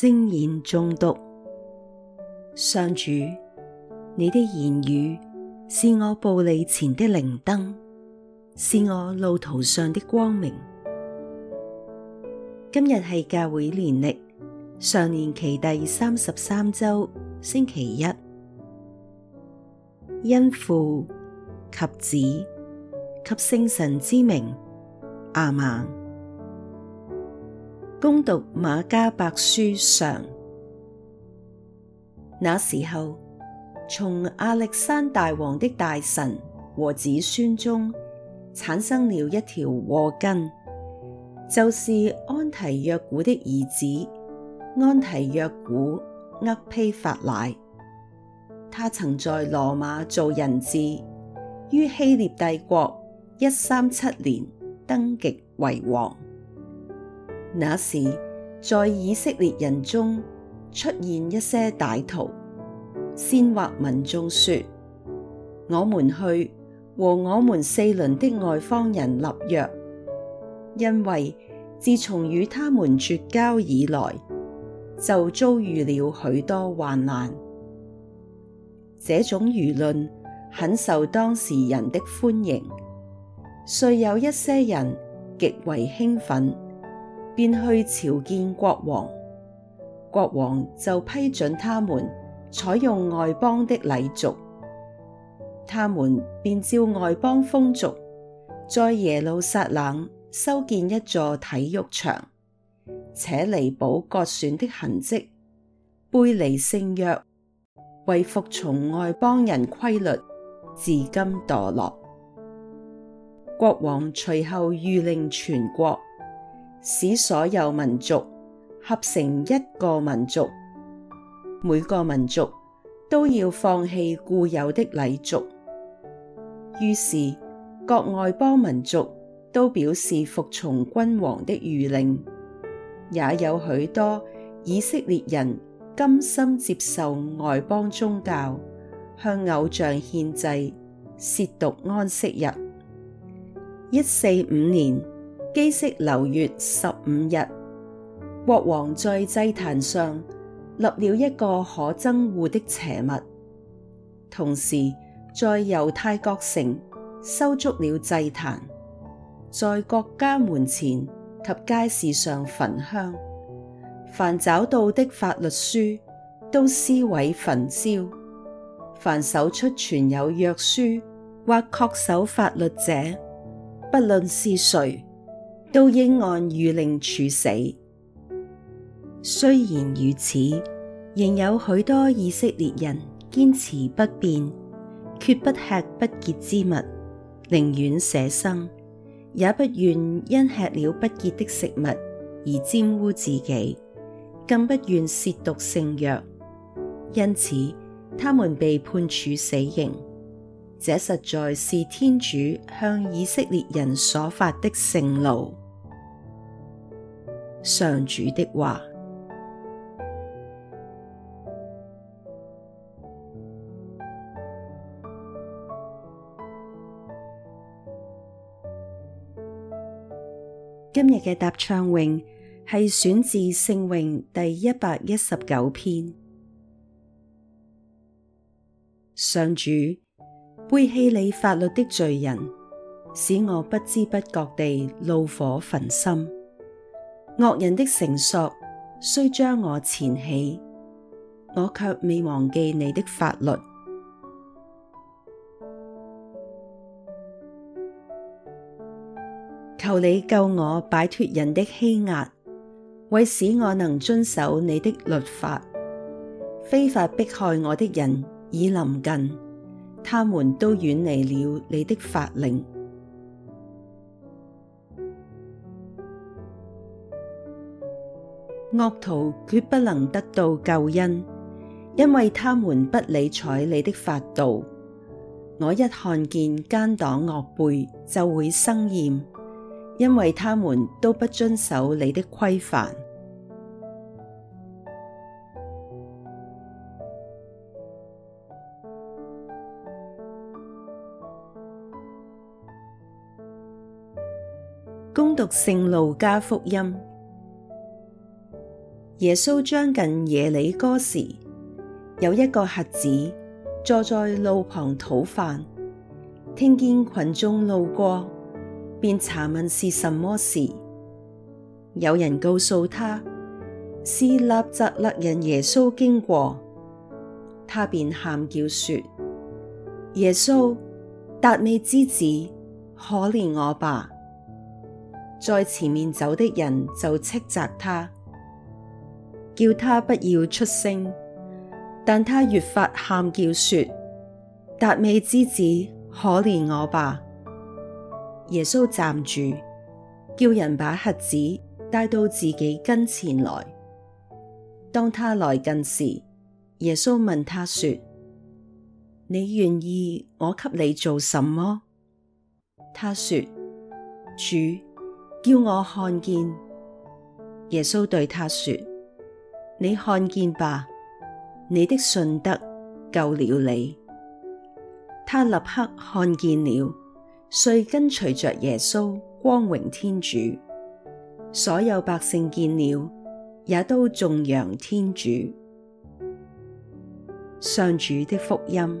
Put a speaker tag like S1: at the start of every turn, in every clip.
S1: 聖言誦讀。上主，你的言語是我步履前的靈燈，是我路途上的光明。今日係教會年曆常年期第三十三周，星期一。因父及子及聖神之名，亞孟。恭讀瑪加伯書上，那時候從亞歷山大王的大臣和子孫中產生了一條禍根，就是安提約古的兒子安提約古厄丕法乃。他曾在羅馬做人質，於希臘帝國一三七年登極為王。那時，在以色列人中出現一些歹徒，煽惑民眾說：我們去和我們四鄰的外方人立約，因為自從與他們絕交以來，就遭遇了許多患難。這種輿論很受當時人的歡迎，遂有一些人極為興奮。便去朝見國王，國王就批准他們採用外邦的禮俗。他們便照外邦風俗，在耶路撒冷修建一座體育場，且彌補割損的痕跡，背離聖約，為服從外邦人規律，自甘墮落。國王隨後諭令全國。使所有民族合成一個民族，每個民族都要放棄固有的禮俗。於是各外邦民族都表示服從君王的諭令，也有許多以色列人甘心接受外邦宗教，向偶像獻祭、褻瀆安息日。一四五年。基色婁月十五日，國王在祭壇上立了一個可憎惡的邪物，同時在猶太各城修築了祭壇，在各家門前及街市上焚香，凡找到的法律書都撕毀焚燒，凡搜出存有約書或恪守法律者，不論是誰。都應按諭令處死。雖然如此，仍有許多以色列人堅持不變，決不吃不潔之物，寧願捨生，也不願因吃了不潔的食物而沾污自己，更不願褻瀆聖約。因此，他們被判處死刑。這實在是天主向以色列人所發的盛怒。上主的話。今日嘅答唱詠係選自聖詠第一百一十九篇，上主。背棄你法律的罪人，使我不知不覺地怒火焚心。惡人的繩索雖將我纏起，我卻未忘記你的法律。求你救我擺脫人的欺壓，為使我能遵守你的律法。非法迫害我的人已臨近。他們都遠離了你的法令，惡徒決不能得到救恩，因為他們不理睬你的法度。我一看見奸黨惡輩，就會生厭，因為他們都不遵守你的規範。讀聖路加福音，耶穌將近耶里哥時，有一個瞎子坐在路旁討飯，聽見群眾路過，便查問是什麼事。有人告訴他，是納匝肋人耶穌經過，他便喊叫說：耶穌，達味之子，可憐我吧！在前面走的人就斥責他，叫他不要出聲，但他越發喊叫，說：達味之子，可憐我吧！耶穌站住，叫人把瞎子帶到自己跟前來。當他來近時，耶穌問他說：你願意我給你做什麼？他說：主。叫我看見，耶穌對他說：你看見吧，你的信德救了你。他立刻看見了，遂跟隨着耶穌，光榮天主。所有百姓見了，也都頌揚天主，上主的福音。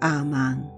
S1: 阿們。